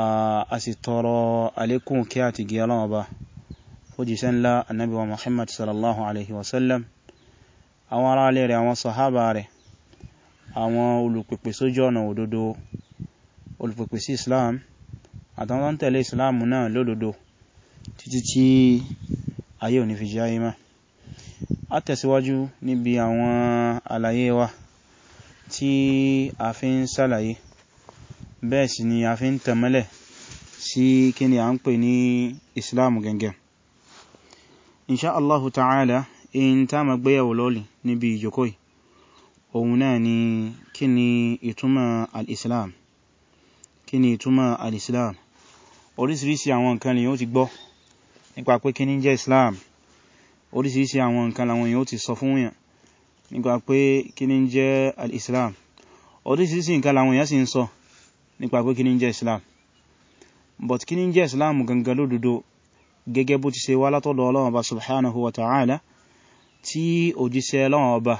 a sì tọrọ alékún kí àti gí ọlọ́wọ́ bá fójíṣẹ́ ńlá annabi wa muhammad sallallahu alaihi wasallam àwọn ará alẹ́ rẹ̀ àwọn sahaba rẹ̀ àwọn olùpẹ̀pẹ̀ sójú ọ̀nà òdodo olùpẹ̀pẹ̀ sí islam àtàwọn tó islam náà lódodo títí tí ayé òní fi jẹ́ ayé má a tẹ̀síwájú níbi àwọn àlàyé wa tí a fi ń sàlàyé bẹ́ẹ̀ sì ni a fi ń tẹ̀mẹ́lẹ̀ sí kí ni a ń pè ní islam gẹngẹn inṣá allahu ta'ala in ta ma gbéyàwó lọ́lì níbi ìjókòó yìí òun náà ni kí ni ìtumọ̀ al-islam kí ni ìtumọ̀ al-islam orísìírísìí àwọn nǹkan lèyàn ó ti gbọ́ nípa pé kí ni jẹ́ islam orísìírísìí àwọn nǹkan làwọn èyàn ó ti sọ fún yàn nípa pé kí ni jẹ́ al orísìírísìí nǹkan làwọn èyàn sì ń sọ nípa pé kí ni jẹ́ islam but kí ní jẹ́ islam gangan lódodo gẹ́gẹ́ bó ti ṣe wá látọ̀dọ̀ Ọlọ́run Ọba subhanahu wa ta'ala tí òjíṣẹ́ Ọlọ́run Ọba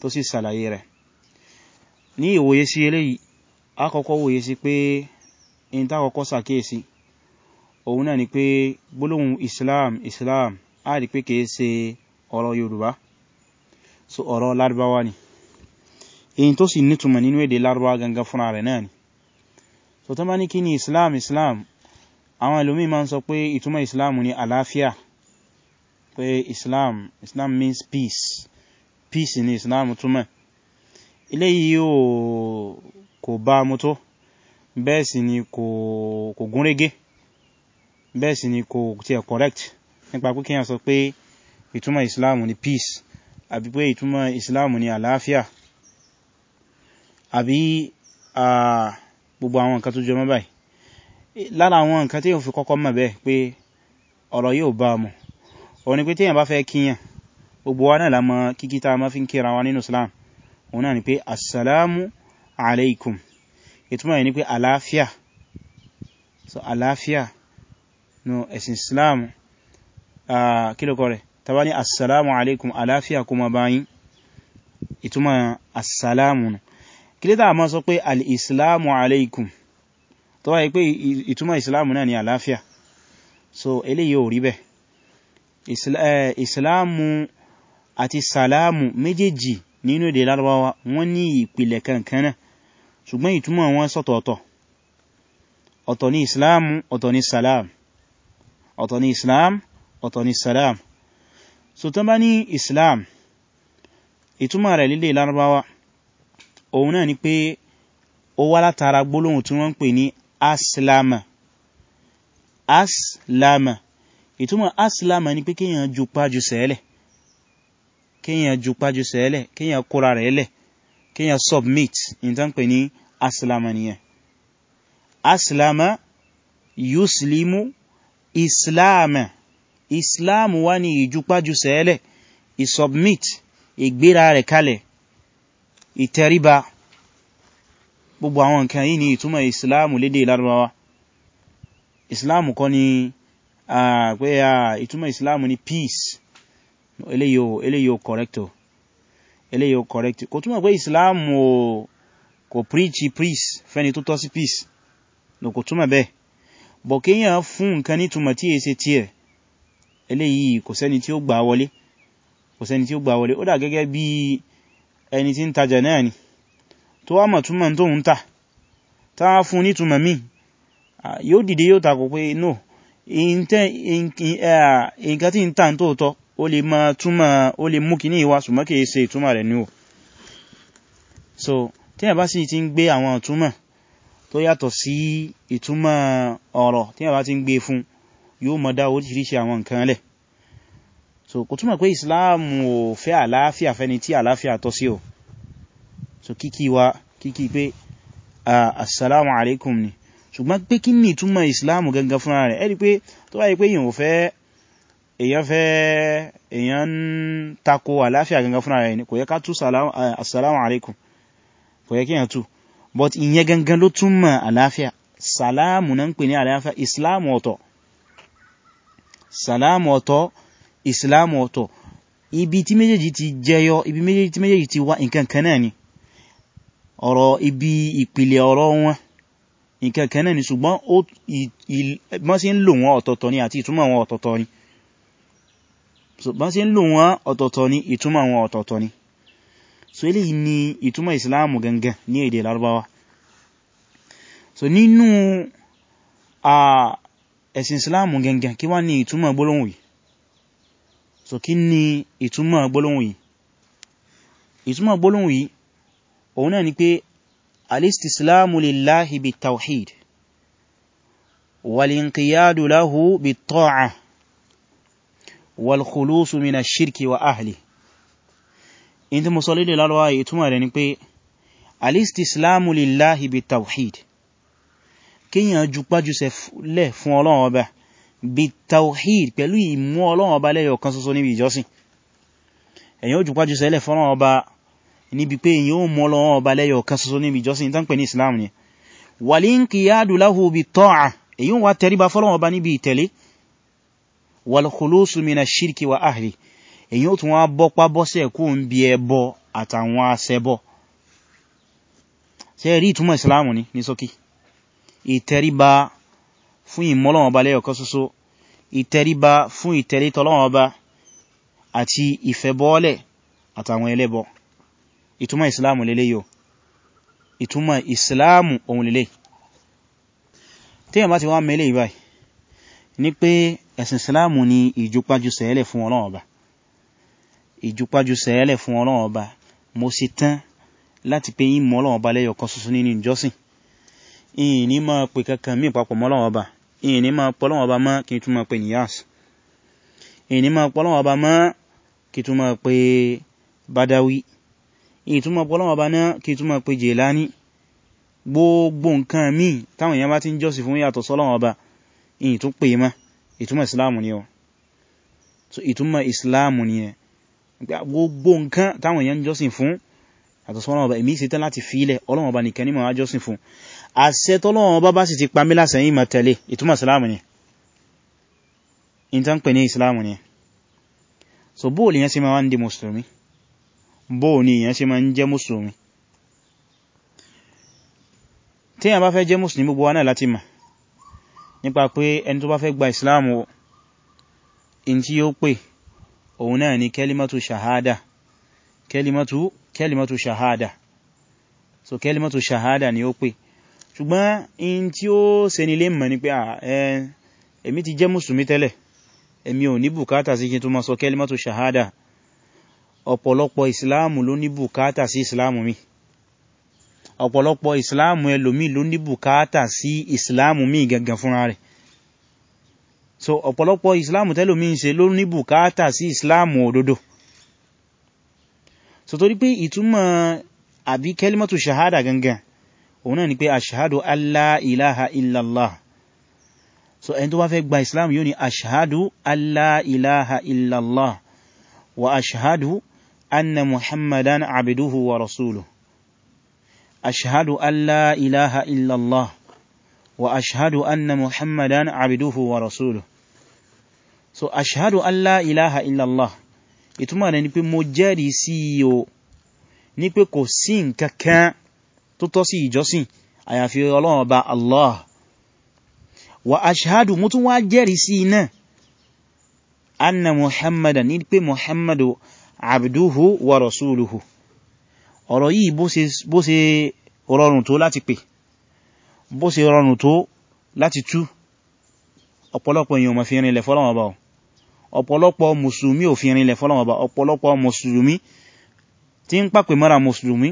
tó sì ṣàlàyé rẹ̀ ní ìwòye sí eléyìí àkọ́kọ́ wòye sí pé in tá kọ́kọ́ sàkíyèsí òun náà ni pé gbólóhùn islam islam a rí pé kìí ṣe ọ̀rọ̀ Yorùbá so ọ̀rọ̀ Lárúbáwá ni èyí tó sì nítumọ̀ nínú èdè Lárúbáwá gangan fúnra rẹ̀ náà ni so tó bá ní kí ni islam islam àwọn ẹlòmí ma ń sọ pé ìtumọ̀ islam ni àlàáfíà pé islam islam means peace peace ni islam túmọ̀ eléyìí o kò bá mu tó bẹ́ẹ̀ sì ni kò gúnrégé bẹ́ẹ̀ sì ni kò tí ẹ̀ correct nípa pé kíyàn sọ pé ìtumọ̀ islam ni peace àbí pé ìtumọ̀ islam ni àlàáfíà àbí gbogbo àwọn nǹkan tó jọ mọ́ báyìí lára àwọn nǹkan tí yóò fi kọ́kọ́ mọ̀ bẹ́ẹ̀ pé ọ̀rọ̀ yóò bá mọ̀ òun ni pé tí èyàn bá fẹ́ kíyàn gbogbo wa náà lámọ́ kíkí tá ma fi ń kíra wa nínú Islam òun náà ni pé assalamu alaikum ìtumọ̀ yìí ni pé àlàáfíà so àlàáfíà no ẹ̀sìn Islam kílòkọ rẹ̀ tàbá ní assalamu alaikum àlàáfíà kó ma báyín ìtumọ̀ assalamu kílítà ma sọ pé al-islamu alaikum tó wáyé pé ìtumọ̀ ìsìláàmù náà ni àlàáfíà so eléyìí ò rí bẹ́ ìsìláàmù àti sàlámù méjèèjì nínú èdè lárúbáwá wọ́n ní ìpìlẹ̀ kankan náà ṣùgbọ́n ìtumọ̀ wọn sọ́tọ̀ọ̀tọ̀ ọ̀tọ̀ ni ìsìláàmù ọ̀tọ̀ ni sàlám ọ̀tọ̀ ni ìsìláàmù ọ̀tọ̀ ni sàlám so tán bá ní islam ìtumọ̀ rẹ̀ ni aslama aslama ìtumọ̀ aslama ni pé kíyàn ju pájú sẹ́ẹ̀lẹ̀ kíyàn ju pájú sẹ́ẹ̀lẹ̀ kíyàn kóra rẹ̀ lẹ̀ kíyàn submit in tán pè ní aslama nìyẹn aslama yuslimu islama islamu wá ní ìjú pájú sẹ́ẹ̀lẹ̀ ìsubmit ìgbéra rẹ̀ kalẹ̀ ìtẹríba gbogbo àwọn nǹkan yìí ni ìtumọ̀ ìsìláàmù lédè lárúbáwá ìsìláàmù kọ́ ni pé ìtumọ̀ ìsìláàmù ni peace eléyìí correcto eléyìí correcto kò túmọ̀ pé ìsìláàmù kò preach peace fẹ́ni tó tọ́ sí peace no kò túmọ̀ bẹ́ẹ̀ bọ̀ kíyàn fún nǹkan ní túmọ̀ tí èsẹ tí ẹ̀ eléyìí kò sẹ́ni tí ó gbà wọlé kò sẹ́ni tí ó gbà wọlé ó dà gẹ́gẹ́ bí ẹni tí ń tajà náà ni tó wá mọ̀ túnmọ̀ tó ń tà tá a fún ní túnmọ̀ mí yóò dìde yóò takò pé no nǹkan tí ń tà tóòtọ́ ó lè máa túnmọ̀ ó lè mú kìíní ìwà ṣùgbọ́n kìí ṣe ìtúnmọ̀ rẹ̀ ní o so tí a bá sì ti ń gbé àwọn ìtúnmọ̀ tó yàtọ̀ sí ìtúnmọ̀ ọ̀rọ̀ tí a bá ti ń gbé fún yóò mọ̀ dá oríṣiríṣi àwọn nǹkan lẹ̀ so kò túnmọ̀ pé Islam ò fẹ́ àlàáfíà fẹ́ni tí àlàáfíà tọ́ sí o so kíkí wa kíkí pé assalamu alaikum ni ṣùgbọ́n pé kí ní ìtumọ̀ islamu gangan fúnra rẹ̀ ẹ́rí pé tó wáyé pé èyàn fẹ́ èyàn fẹ́ èyàn ń tako àláfíà gangan fúnra rẹ̀ ni kò yẹ ká tú assalamu alaikum kò yẹ kí èyàn tú but ìyẹn gangan ló túmọ̀ àláfíà salamu na ń pè ní àláfíà islamu ọ̀tọ̀ salamu ọ̀tọ̀ islamu ọ̀tọ̀ ibi tí méjèèjì ti jẹyọ ibi méjèèjì tí méjèèjì ti wá nǹkan kan náà ni ọ̀rọ̀ ibi ìpìlẹ̀ ọ̀rọ̀ wọn nǹkan kan náà ni ṣùgbọ́n bọ́n sí ń lò wọn ọ̀tọ̀ọ̀tọ̀ ni àti ìtumọ̀ wọn ọ̀tọ̀ọ̀tọ̀ ni bọ́n sí ń lò wọn ọ̀tọ̀ọ̀tọ̀ ni ìtumọ̀ wọn ọ̀tọ̀ọ̀tọ̀ ni so eléyìí ni ìtumọ̀ ìsìláàmù gangan ní èdè Lárúbáwá so nínú a ẹ̀sìn ìsìláàmù gangan kí wá ní ìtumọ̀ gbólóhùn yìí so kí ni ìtumọ̀ gbólóhùn yìí ìtumọ̀ gbólóhùn yìí òun náà ni pé alistislamu lillahi bi tawhid walinqiyadu lahu bi ta'a walkhulusu min ash-shirki wa ahli in ti musolide lalawa ìtumọ̀ rẹ̀ ni pé alistislamu lillahi bi tawhid kíyàn ju pájú sẹ lẹ̀ fún ọlọ́run ọba bí tawhid pẹ̀lú ìmú ọlọ́run ọba lẹ́yọ̀ kan ṣoṣo níbi ìjọsìn èyàn ó sẹ lẹ̀ fún ọlọ́run ọba níbi pé èyàn ó mọ́ lọ́wọ́ ọba lẹ́yọ̀ kan ṣoṣo níbi ìjọsìn tán pè ní islam ni wal-inqiyadu lahu bit-ta'a èyí wà tẹríba fọ́lọ́wọ́ ọba níbi ìtẹ̀lé wal-khulusu mina shirki wa ahli èyí ó tún wá bọ́pá bọ́sẹ̀ kó ń bí ẹbọ àtàwọn asẹ́bọ ṣe rí ìtumọ̀ islam ni ní ṣókí ìtẹríba fún ìmọ́lọ́wọ́ ọba lẹ́yọ̀ kan ṣoṣo ìtẹríba fún ìtẹ̀lé tọ́lọ́wọ́ ọba àti ìfẹ́bọ́ọ́lẹ̀ àtàwọn ẹlẹ́bọ̀ọ́ ìtumọ̀ ìsìláàmù lélé yóò ìtumọ̀ ìsìláàmù ohun lélé tíyàn bá ti wá mẹ́lẹ̀ ìbáyìí ní pé ẹ̀sìn ìsìláàmù ni ìjúpájú sẹ́ẹ̀lẹ̀ fún Ọlọ́run Ọba ìjúpájú sẹ́ẹ̀lẹ̀ fún Ọlọ́run Ọba mo sì tán láti pé yín mọ Ọlọ́run Ọba lẹ́yọ̀ kan ṣoṣo nínú ìjọsìn ìyìn ní máa pè kankan mí papọ̀ mọ́ Ọlọ́run Ọba ìyìn ní máa pọ́lọ́run Ọba ìtumọ̀ pọ́lọ́wọ́ bá náà kí túnmọ̀ pé Jilani gbogbo nǹkan míì táwọn èèyàn bá ti ń jọ́sìn fún yàtọ̀ sọ́lọ́wọ́ bá ìyìn tó pè má ìtumọ̀ Islamu ni ọ ìtumọ̀ Islamu ni ẹ gbogbo nǹkan táwọn èèyàn jọ́sìn fún yàtọ̀ sọ́lọ́wọ́ bá èmi sì tán láti fílẹ̀ Ọlọ́run bá nìkan ní màá jọ́sìn fún àṣẹ tọ́lọ́run bá bá sì ti pa mí láṣẹ yìí mà tẹ̀lé ìtumọ̀ Islamu ni ìtàn pè ní Islamu ni so bóòlù yẹn sí ma wá ń di mùsùlùmí bóò ni èyàn ṣe ma ń jẹ́ mùsùlùmí tí èyàn bá fẹ́ jẹ́ mùsùlùmí gbogbo wa náà láti mọ̀ nípa pé ẹni tó bá fẹ́ gba ìsìláàmù in tí ó pè òun náà ni kẹlimatu shahada kẹlimatu kẹlimatu shahada so kẹlimatu shahada ni ó pè ṣùgbọ́n in tí ó ṣe nílé mọ̀ ni pé èmi ti jẹ́ mùsùlùmí tẹ́lẹ̀ èmi ò ní bùkátà sí kí tó ma sọ kẹlimatu shahada ọ̀pọ̀lọpọ̀ ìsìláàmù ló ní bùkátà sí ìsìláàmù mi ọ̀pọ̀lọpọ̀ ìsìláàmù ẹlòmí ló ní bùkátà sí ìsìláàmù mi gangan fúnra rẹ̀ so ọ̀pọ̀lọpọ̀ ìsìláàmù tẹ́lòmí ń ṣe ló ní bùkátà sí ìsìláàmù òdodo so torí pé ìtumọ̀ àbí kẹlimatu shahada gangan òun náà ni pé ashahadu allah ilaha illallah so ẹni tó bá fẹ́ gba islam yóò ni ashahadu allah ilaha illallah wa ashahadu أن محمدا عبده ورسوله أشهد أن لا إله إلا الله وأشهد أن محمدا عبده ورسوله so ashhadu an la ilaha illallah ìtumọ̀ rẹ̀ ni pé mo jẹ́rìí sí o ní pé kò sí nǹkankan tó tọ́ sí ìjọsìn àyàfi Ọlọ́run Ọba Allah wa ashhadu mo tún wá jẹ́rìí sí iná anna muhammadan ní pé muhammadu abduhu wa rasuluhu ọ̀rọ̀ yìí bó ṣe rọrùn tó láti pè bó ṣe rọrùn tó láti tú ọ̀pọ̀lọpọ̀ èèyàn ma fi rinlẹ̀ fọ́lọ́wọ́ bá ọ̀pọ̀lọpọ̀ mùsùlùmí ò fi rinlẹ̀ fọ́lọ́wọ́ bá ọ̀pọ̀lọpọ̀ mùsùlùmí tí ń pàpè mọ́ra mùsùlùmí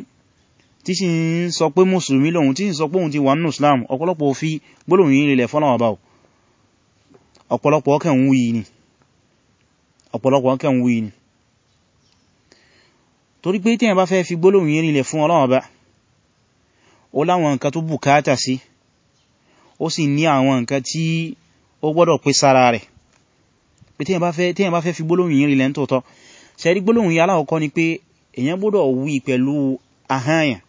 tí sì ń sọ pé mùsùlùmí lòun tí sì sọ pé òun ti wà nínú Islam ọ̀pọ̀lọpọ̀ fi gbólóhùn yìí fọ́lọ́wọ́ bá ọ̀pọ̀lọpọ̀ ọkàn wúyì ni ọ̀pọ̀lọpọ̀ ọkàn wúyì ni torí pé tíyàn bá fẹ́ fi gbólóhùn yìí rinlẹ̀ fún Ọlọ́run Ọba ó láwọn nǹkan tó bùkátà sí ó sì ní àwọn nǹkan tí ó gbọ́dọ̀ pé sára rẹ̀ pé tíyàn bá fẹ́ fi gbólóhùn yìí rinlẹ̀ nítòótọ́ sẹ́rí gbólóhùn yìí alákọ̀ọ́kọ́ ni pé èyàn gbọ́dọ̀ wí pẹ̀lú ahányàn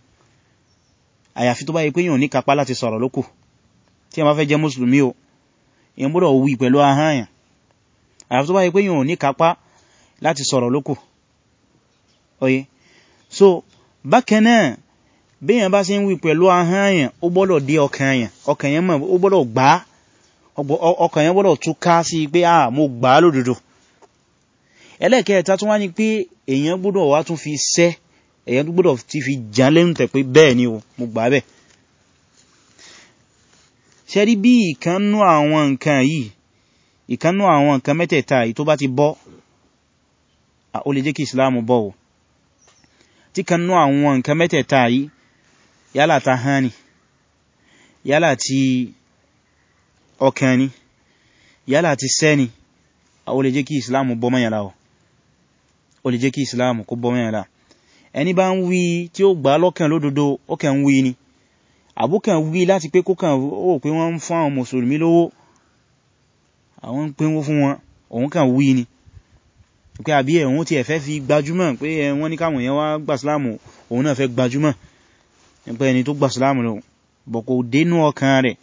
àyàfi tó bá yẹ pé yàn ní kapá láti sọ̀rọ̀ lókù tí a bá fẹ́ jẹ́ mùsùlùmí o láti sọ̀rọ̀ lókù oye so bákan náà bíyàn bá ṣe ń wí pẹ̀lú ahọ́n àyàn ó gbọ́dọ̀ dé ọkàn àyàn ọkàn yẹn mọ̀ ó gbọ́dọ̀ gbà á ọkàn yẹn gbọ́dọ̀ tún ká sí pé à ah, mo gbà á lódodo ẹlẹ́kẹ̀ẹ́ta tún wá ní pé èèyàn gbọ́dọ̀ wá tún fi sẹ́ èèyàn gbọ́dọ̀ ti fi jàn lẹ́nu tẹ̀ pé bẹ́ẹ̀ ni o mo gbà bẹ́ẹ̀ ṣe rí bí ìkannú àwọn nǹkan yìí ìkannú àwọn nǹkan mẹ́tẹ̀ẹ̀ta yìí tó bá ti bọ́ ó lè jẹ́ kí ìsìláàmù bọ́ o tí kan nú àwọn nǹkan mẹ́tẹ̀ẹ̀ta yìí yálà ta hàn ní yálà ti ọkàn ní yálà ti sẹ́ni a ó lè jẹ́ kí islamu bọ́ mẹ́yànlá ó lè jẹ́ kí islamu kó bọ́ mẹ́yànlá ẹni bá ń wí tí ó gbà lọ́kàn lódodo ọkàn wí ni àbúkàn wí láti pé kókàn ó pé wọ́n ń fún àwọn mùsùlùmí lówó àwọn ń pínwó fún wọn òun kàn wí ni pé àbí ẹ̀wọ́n ti ẹ̀fẹ́ fi gbajúmọ̀ pé wọ́n ní káwọn èèyàn wá gbàsílámù òun náà fẹ́ gbajúmọ̀ pé ẹni tó gbàsílámù lọ bọ̀ kò dénú ọkàn rẹ̀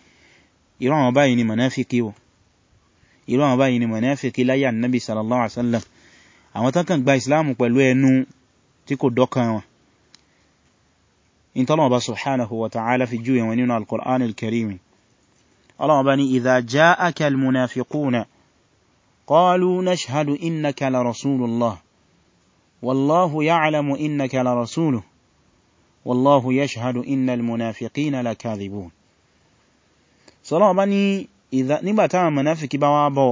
irú àwọn báyìí ni mọ̀náfíkí wọ irú àwọn báyìí ni mọ̀náfíkí láyé annabi sallallahu alaihi wasallam àwọn tán kàn gba ìsìláàmù pẹ̀lú ẹnu tí kò dọ́kan wọn in ọba subhanahu wa ta'ala fi júwe wọn nínú al-Qur'an ọlọ́wọ́ bá ní idha ja'aka al-munafiquna قالوا نشهد إنك لرسول الله والله يعلم إنك لرسوله والله يشهد إن المنافقين لكاذبون sọ́lọ́ ọba ní nígbàtá mọ̀náfikí bá wá bọ̀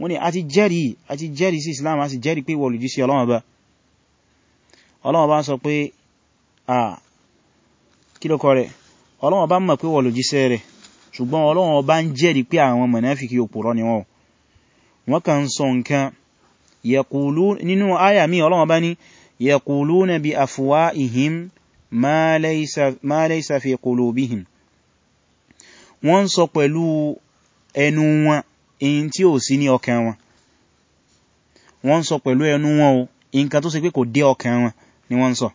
wọ́n ni a ti jẹ́rì a ti jẹ́rì sí islam a ti jẹ́rì pé wọ́n lùdí sí ọlọ́ọ̀bá ọlọ́ọ̀bá sọ pé à kílọ́kọ́ rẹ̀ ọlọ́ọ̀bá mọ̀ pé wọ́n lùdí sẹ́ rẹ̀ ṣùgbọ́n ọlọ́ọ̀bá ń jẹ́rì pé àwọn mọ̀náfikí òpùrọ́ ni wọ́n wọ́n kàn sọ nǹkan nínú àyà mi Ọlọ́run bá ní yaquluna bi afwaihim ma laysa ma laysa fi qulubihim wọ́n sọ pẹ̀lú ẹnu wọn èyí tí ò sí ní ọkàn wọn wọ́n sọ pẹ̀lú ẹnu wọn o nǹkan tó ṣe pé kò dé ọkàn wọn ni wọ́n sọ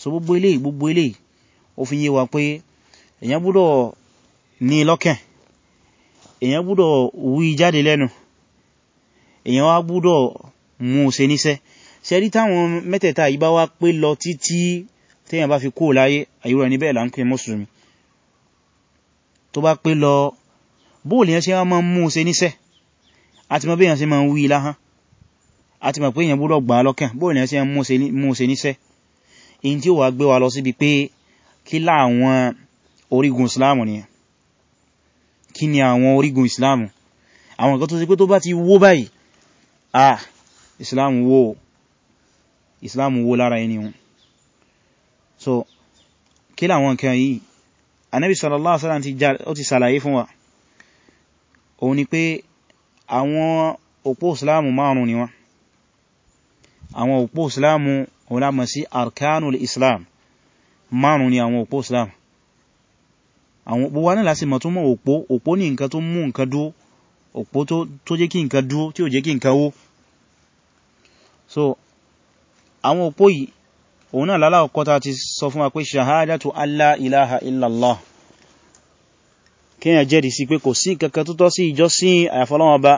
so gbogbo eléyìí gbogbo eléyìí ó fi yé wa pé èyàn gbọ́dọ̀ ní lọ́kàn èyàn gbúdọ̀ wí jáde lẹ́nu èyàn wá gbúdọ̀ mú ṣe níṣẹ́ ṣe rí táwọn mẹ́tẹ̀ẹ̀ta yìí bá wá pé lọ títí tẹ́yàn bá fi kó láyé àyíwọ̀ ẹni bẹ́ẹ̀ là ń pè mùsùlùmí tó bá pé lọ bóòlù yẹn ṣe wá máa mú ṣe níṣẹ́ àti mọ̀ bẹ́yàn ṣe máa wí láhán àti mọ̀ pé èyàn gbúdọ̀ gbà lọ́kàn bóòlù yẹn ṣe mú ṣe níṣẹ́ èyí tí ó wà gbé wa lọ síbi pé kí láwọn orígun Islam nìyẹn kí ni àwọn orígun islam àwọn nǹkan tó ṣe pé tó bá ti wó báyìí ah Islamu wó Islamu wó lára ẹni hun so kí láwọn nǹkan yìí anábi sallallahu alaihi wasallam ó ti sàlàyé fún wa òun ni pé àwọn òpó islam márùn ni wọ́n àwọn òpó islam òun lámọ̀ sí arkanul islam márùn ni àwọn òpó islam àwọn gbogbo wa náà la sì mọ̀ tó mọ̀ òpó òpó ní nǹkan tó mú nǹkan dúó òpó tó jẹ́ kí nǹkan dúó tí ò jẹ́ kí nǹkan wó so àwọn òpó yìí òun náà lálá ọkọ́ ta ti sọ fún wa pé ṣahádátù allá ilaha illallah kíyàn jẹ́rìí sí pé kò sí kankan tó tọ́ sí ìjọsìn àyàfi Ọlọ́run Ọba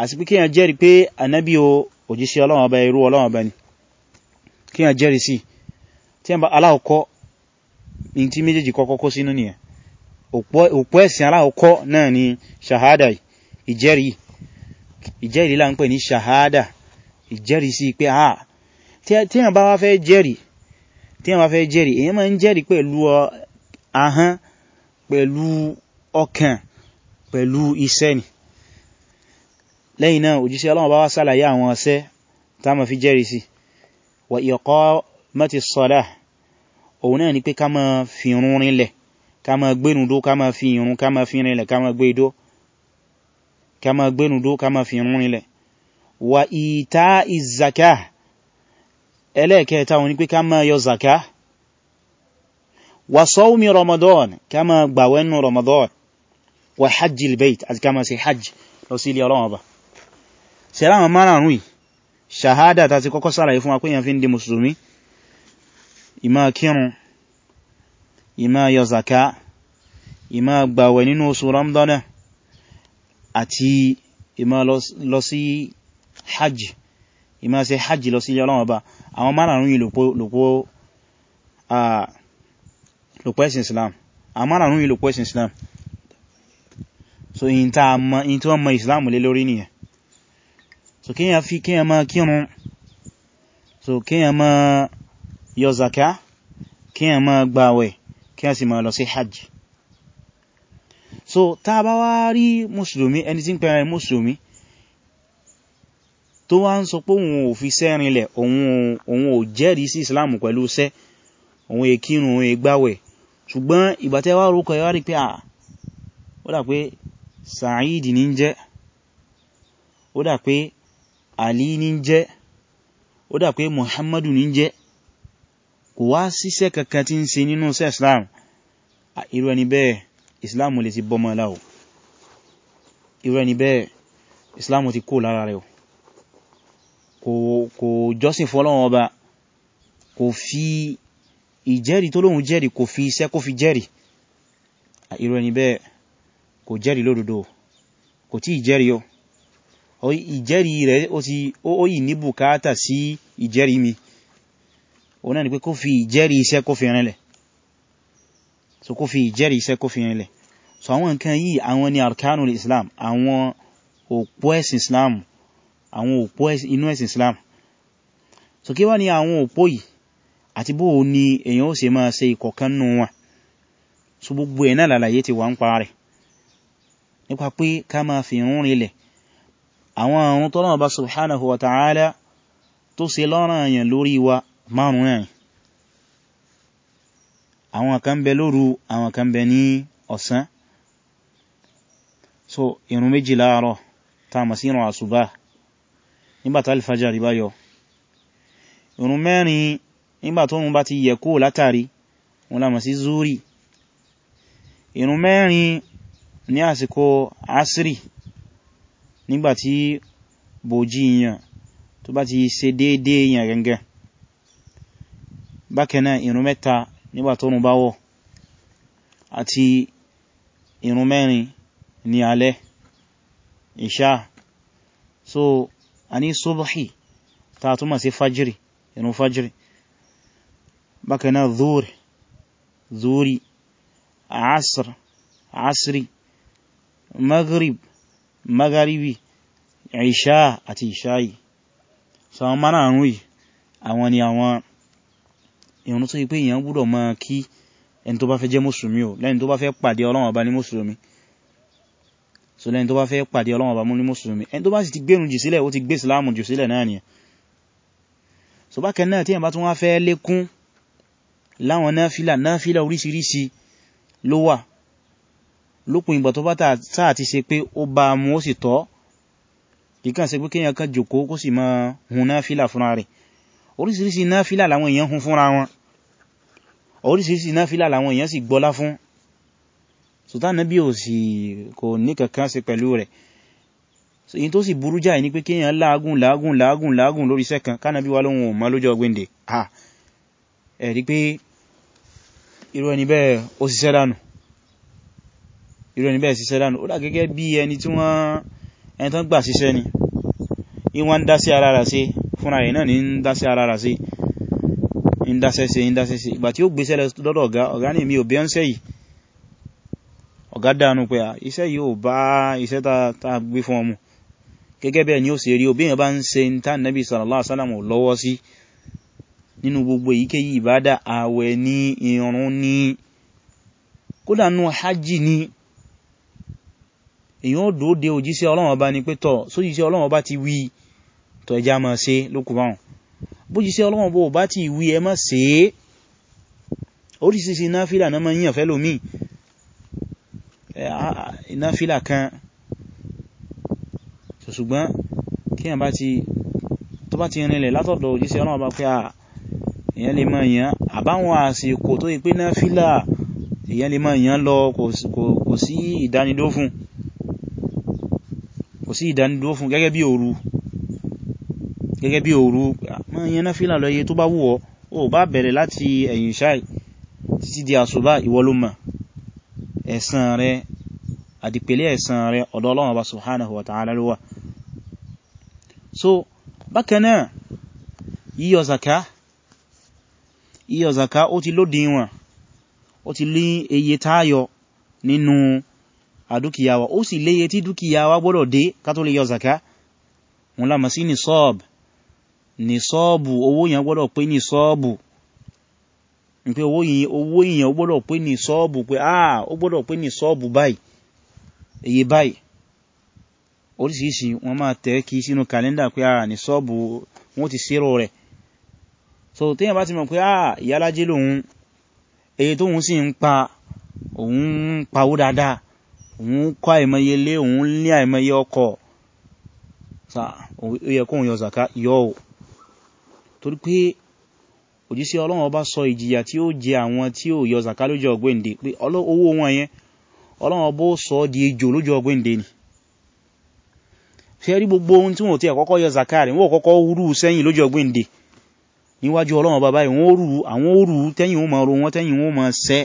àti pé kíyàn jẹ́rìí pé ànábì o òjíṣẹ́ Ọlọ́run Ọba irú Ọlọ́run Ọba ni kíyàn jẹ́rìí sí tí a bá aláọkọ́ ní tí méjèèjì kọ́kọ́ kó sínú nìyẹn òpó ẹ̀sìn alákọ̀ọ́kọ́ náà ni ṣàhádà ìjẹ́rìí ìjẹ́rìí là ń pè ní ṣàhádà ìjẹ́rìí sí pé àà tí èyàn bá wá fẹ́ jẹ́rìí tí èyàn bá fẹ́ jẹ́rìí èyàn máa ń jẹ́rìí pẹ̀lú ahán pẹ̀lú ọkàn pẹ̀lú iṣẹ́ ni lẹ́yìn náà òjíṣẹ́ Ọlọ́run bá wá sálàyé àwọn iṣẹ́ tá ma fi jẹ́rìí sí wa iqamati ssalah òun náà ni pé ká máa fi rúnrin lẹ̀ ká ma gbénudó ká ma fi irun ká ma fi rinlẹ̀ ká ma gbé idó ká ma gbénudó ká ma fi irun rinlẹ̀ wa ìta ìzàká ẹlẹ́ẹ̀kẹta òní pé ká ma yọ zàká wa sọ́wọ́mi ramadan ká ma gbàwẹ́nu ramadan wa hajji ilbait àti ká ma ṣe hajj lọ sí ilé ọlọ́wọ́ ba ṣe láwọn márààrún yìí ṣàhádà ta ti kọ́kọ́ sára yìí wa pé yàn fi ń di mùsùlùmí ìmá ìmá yọ zaka ìmá gbàwẹ̀ nínú oṣù ramdana àti ìmá lọ sí hajj ìmá ṣe hajj lọ sí ilé Ọlọ́run Ọba àwọn márààrún yìí lòpó ẹ̀sìn Islam àwọn márààrún yìí lòpó ẹ̀sìn Islam so in ta ma tí wọ́n mọ Islam lé lórí nìyẹn so kíyàn fi kíyàn ma kírun so kíyàn ma yọ zaka kíyàn ma gbàwẹ̀ kí a sì máa lọ sí hajj so tá bá wá rí mùsùlùmí ẹni tí ń pẹ̀rẹ̀ mùsùlùmí tó wá ń sọ pé òun ò fi sẹ́rinlẹ̀ òun ò jẹ́rìí sí islam pẹ̀lú sẹ́ òun èkírun òun ègbàwẹ̀ ṣùgbọ́n ìgbàtẹ́ wá rúkọ yíwá rí pé à ó dà pé sa'idi ní jẹ́ ó dà pé ali ní jẹ́ ó dà pé muhammadu ní jẹ́ kò wá síṣẹ́ kankan tí ń ṣe nínú iṣẹ́ islam irú ẹni bẹ́ẹ̀ islam lè ti bọ́mọ láwọ̀ irú ẹni bẹ́ẹ̀ islam ti kó lára rẹ̀ kò jọ́sìn fọ́lọ́wọ́ ọba kò fi ìjẹ́rì tó lóhun jẹ́rì kò fi iṣẹ́ kó fi jẹ́rì irú ẹni bẹ́ẹ̀ kò jẹ́rì lódodo kò tí ìjẹ́rì ọ ìjẹ́rì rẹ̀ ó yìí ní bùkátà sí ìjẹ́rì mi òun náà ni pé kó fi ìjẹ́rìí iṣẹ́ kó fi rinlẹ̀ so kó fi ìjẹ́rìí iṣẹ́ kó fi rinlẹ̀ so àwọn nǹkan yìí àwọn ni arkanul islam àwọn òpó ẹ̀sìn islam àwọn òpó inú ẹ̀sìn islam so kí wá ní àwọn òpó yìí àti bóò ni èyàn ó ṣe máa ṣe ìkọ̀kan nù wọn so gbogbo ẹ̀ náà lálàyé ti wà ń pa rẹ̀ nípa pé ká máa fi rún rinlẹ̀ àwọn àrùn tọ́lọ́wọ́ subhanahu wa ta'ala tó ṣe lọ́ranyàn lórí wa márùn-ún náà àwọn kan bẹ lóru àwọn kan bẹ ní ọ̀sán so ìrun méjì láàárọ̀ tá a mọ̀ sí ìrun àsùbá nígbàtí alifajari bá yọ ìrun mẹ́rin nígbàtí oòrùn bá ti yẹ kó látàrí wọn la sí zuri ìrun mẹ́rin ní àsìkò asiri nígbàtí bòjí èèyàn tó bá ti ṣe déédé èèyàn gẹ́gẹ́ bákanáà ìrun mẹ́ta nígbà tóòrùn bá wọ̀ àti ìrun mẹ́rin ní alẹ́ ìṣá so a ní sóbáhì ta túnmà sí fajiri ìrun fajiri bákanáà zuri zúrì asr asri maghrib magharibi ìṣá àti ìṣáyì so àwọn márùn-ún yìí àwọn ni àwọn ìrun tó yí pé èyàn gbọ́dọ̀ máa kí ẹni tó bá fẹ́ jẹ́ mùsùlùmí o lẹ́ni tó bá fẹ́ pàdé Ọlọ́run ọba ní mùsùlùmí so lẹ́ni tó bá fẹ́ pàdé Ọlọ́run ọba mú ní mùsùlùmí ẹni tó bá sì ti gbérun jù sílẹ̀ ó ti gbé ìsìláàmù jù sílẹ̀ náà nìyẹn so bákan náà tí èyàn bá tún wá fẹ́ lékún láwọn náfílà náfílà oríṣiríṣi ló wà lópin ìgbà tó bá táà ti ṣe pé ó bá mú ó sì tọ́ kíkàn ṣe pé kéèyàn kan jòkó kó sì máa hun náfílà fúnra rẹ̀ orísìírísìí náfílà làwọn èèyàn hun fúnra wọn orísìírísìí náfílà làwọn èèyàn sì gbọ́lá fún sultan nabi ò sì kò ní kankan ṣe pẹ̀lú rẹ̀ so yí tó sì burú jáì ní pé kíyàn láàgùn láàgùn láàgùn láàgùn lórí sẹ́kan kánàbí wà lóhun ò má lójọ́ gbéǹdè à ẹ̀rí pé irú ẹni bẹ́ẹ̀ ó ṣiṣẹ́ dànù irú ẹni bẹ́ẹ̀ ṣiṣẹ́ dànù ó dà gẹ́gẹ́ bí ẹni tí wọ́n ẹni tán gbà ṣiṣẹ́ ni ìwọ́n ń dá fúnra ẹ̀ náà ní ń dáṣẹ́ ara rà sí ń dáṣẹ́ sí ń dáṣẹ́ sí ìgbà tí ó gbéṣẹ́ lọ lọ́dọ̀ ọ̀gá ọ̀gá ní mi ò bí yìí ọ̀gá dánú pé iṣẹ́ yìí ò bá iṣẹ́ ta gbé fún ọmọ gẹ́gẹ́ bẹ́ẹ̀ ni ó sì rí obìnrin bá ń ṣe ń tán Nabi sallallahu alaihi wasallam lọ́wọ́ sí nínú gbogbo èyíkéyìí ìbádà ààwẹ̀ ní ìrun ní kódà nú hajji ní èyàn ó dòóde òjíṣẹ́ tó ẹjá máa ṣe lókù báwọn bójí sí ọlọ́wọ́n bó bá ti wí ẹ má ṣe é oríṣiríṣi náfílà náà máa yíyàn fẹ́lò míì náfílà kan ṣùgbọ́n kí ẹ̀ bá ti tó bá ti rinlẹ̀ látọ̀dọ̀ òjíṣẹ́ ọlọ́wọ́n bá pé èyàn lè máa yàn àbáwọn àsìkò tó yí pé náfílà èyàn lè máa yàn lọ kò sí ìdánidó fún gẹ́gẹ́ bí òru gẹ́gẹ́ bí òru ma yan náfílà lọ iye tó bá wù ọ́ o bá bẹ̀rẹ̀ láti ẹ̀yìn ṣáì títí di àsùbá ìwọ ló mọ̀ àdìpẹ̀lẹ̀ ẹ̀san rẹ ọ̀dọ̀ Ọlọ́run bá subhanahu wa ta'ala ló wà so bákanáà yíyọ zaka yíyọ zaka ó ti lódi wọn ó ti lé eye táyọ nínú àdúkìyàwó ó sì léye tí dúkìyàwó gbọ́dọ̀ dé ká lè yọ zaka wọn lámà sí ní sọ́ọ̀bù nìsọ́ọ̀bù owó yẹn gbọ́dọ̀ pé nìsọ́ọ̀bù pé owó yẹn ó gbọ́dọ̀ pé nìsọ́ọ̀bù pé àà ah, ó gbọ́dọ̀ pé nìsọ́ọ̀bù báyìí èyí báyìí oríṣiríṣi wọ́n máa tẹ̀ kí sínú kàlẹ́ndà pé àà ah, nìsọ́ọ̀bù wọ́n ti sírò rẹ̀ so téèyàn bá ti mọ̀ pé ah, ìyá ìyálájé lòun èyí tóun sì ń pa òun ń pawó kọ́ àìmọye lé òun àìmọye ọkọ̀ ó yẹ kóun yọ zaka yọ torí pé òjíṣẹ́ Ọlọ́run ọba sọ ìjìyà tí ó jẹ àwọn tí ó yọ zaka lójú ọgbẹ́ǹde pé owó wọn yẹn Ọlọ́run ọba ó sọ di ejò lójú ọgbẹ́ǹde ni fẹ́ rí gbogbo ohun tí wọ́n ti àkọ́kọ́ yọ zaka rẹ̀ wọ́n kọ́kọ́ rú sẹ́yìn lójú ọgbẹ́ǹde níwájú Ọlọ́run ọba báyìí wọ́n rú àwọn òrù tẹ́yìn ó máa ro wọ́n tẹ́yìn ó máa sẹ́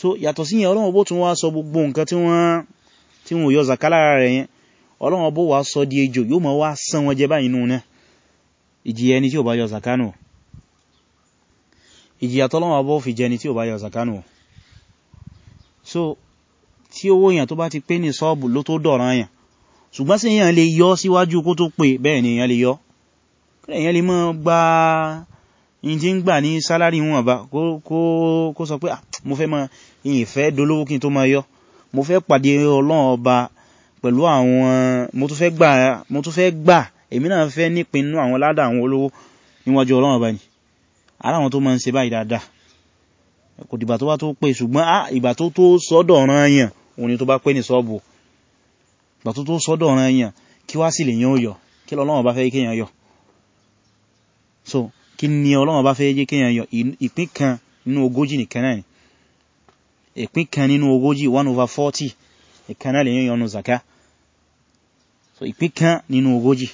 so yàtọ̀ sí yẹn Ọlọ́run ọba tún wá sọ gbogbo nǹkan tí wọ́n tí wọ́n yọ zaka lára rẹ̀ yẹn Ọlọ́run ọba wá sọ di ejò yóò máa wá sán wọn jẹ báyìí nù náà ìjìyà ẹni tí ó bá yọ zakanu ìjìyà tọ́lọ́wọ́ bọ́ fi jẹ ẹni tí ó bá yọ zakanu so tí owó èyàn tó bá ti pé ní sọ́ọ̀bù ló tó dọ̀ràn èyàn ṣùgbọ́n sí èyàn lè yọ síwájú kó tó pé bẹ́ẹ̀ ni èyàn lè yọ èyàn lè mọ́ gba ìjí ń gbà ní sálárì wọn bá kó sọ pé mo fẹ́ mọ́ ìfẹ́ dolówó kí n tó máa yọ mo fẹ́ pàdé Ọlọ́run pẹ̀lú àwọn mo tún fẹ́ gbà èmi náà fẹ́ nípin nínú àwọn ládà àwọn olówó níwájú Ọlọ́run ọba ni aláwọn tó máa ń ṣe báyìí dáadáa kò dìgbà tó bá tó pé ṣùgbọ́n ah, ìgbà tó tó sọ́dọ̀ ọ̀ràn èèyàn òní tó bá pé ní sọ́ọ̀bù ìgbà tó tó sọ́dọ̀ ọ̀ràn èèyàn kí wá sì lè yán yọ kí Ọlọ́run bá fẹ́ yí kéèyàn yọ so kí ni Ọlọ́run bá fẹ́ yí kéèyàn yọ ìpín kan nínú ogójì nìkan náà ni ìpín kan nínú ogójì 1 over forty, ìkan náà lè yán yọnu zaka so ìpín kan nínú ogójì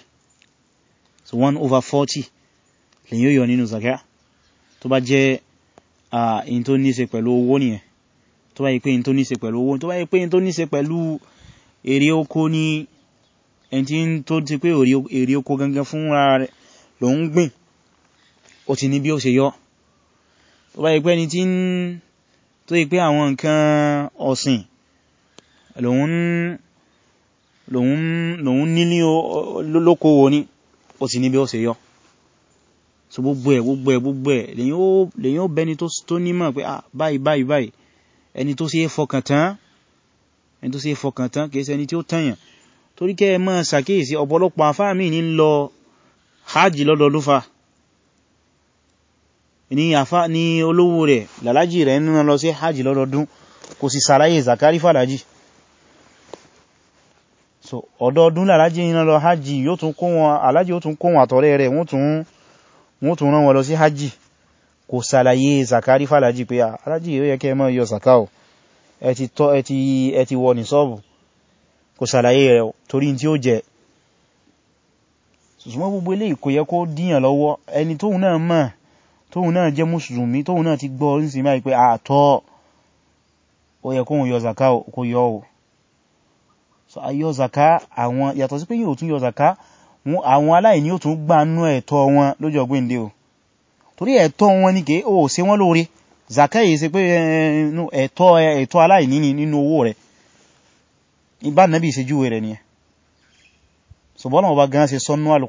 so 1 over forty, lè yíò yọ nínú zakat tó bá jẹ́ in tó ní ṣe pẹ̀lú owó nìyẹn tó bá yí pé in tó ní ṣe pẹ̀lú owó tó bá yí pé in tó ní ṣe pẹ̀lú èrè oko ní ẹni tí tó ti pé èrè oko gangan fún ara rẹ̀ ló gbìn ó ti ní bí ó ṣe yọ tó bá yí pé ẹni tí tó yí pé àwọn nǹkan ọ̀sìn lòun lòun nílé lókòwò ní ó ti ní bí ó ṣe yọ so gbogbo ẹ̀ gbogbo ẹ̀ gbogbo ẹ̀ lèyìn ó bẹni tó nímọ̀ pé ah báyìí báyìí báyìí ẹni tó ṣe é fọkàn tán ẹni tó ṣe é fọkàn tán kìí ṣẹni tí ó tàyàn torí kẹ́ ẹ máa ṣàkíyèsí ọ̀pọ̀lọpọ̀ àfáàmì ní lọ hajj lọ́dọ̀ lúfà ní àfá ní olówó rẹ̀ làlájì rẹ̀ ń lọ sí hajj lọ́dọọdún kò sì sàráyè zakari fàlájì so ọdọọdún làlájí iná lọ hajji yóò tún kó wọn alájí yóò tún kó wọn àtọ̀rẹ́ rẹ̀ wọ́n tún rán wọn lọ sí hajji kò sàlàyé zakari fàlájí pé alájí yóò yẹ kẹ́ mọ́ yọ zakao ẹti tọ́ ẹti wọ ní sọ́ọ̀bù kò sàlàyé rẹ̀ torí tí ó jẹ ṣùgbọ́n gbogbo ilé kò yẹ kó díyàn lọ́wọ́ ẹni tóhun náà mọ̀ tóhun náà jẹ́ mùsùlùmí tóhun náà ti gbọ́ ní sí máa pé àtọ́ ó yẹ kóhun yọ zakao kó yọ ọ́ so ayọ́ zaka àwọn yàtọ̀ sí pé yíò tún yọ zaka àwọn aláìní ò tún gbánú ẹ̀tọ́ wọn lójú ọgbẹ́ndé o torí ẹ̀tọ́ wọn ní kí o ṣe wọ́n lóore zaka yìí ṣe pé ẹ̀tọ́ ẹ̀tọ́ aláìní nínú owó rẹ̀ ibá nàbí ìṣẹ́júwe rẹ̀ nìyẹn so bọ́lá ọba gan ṣe sọ́nú al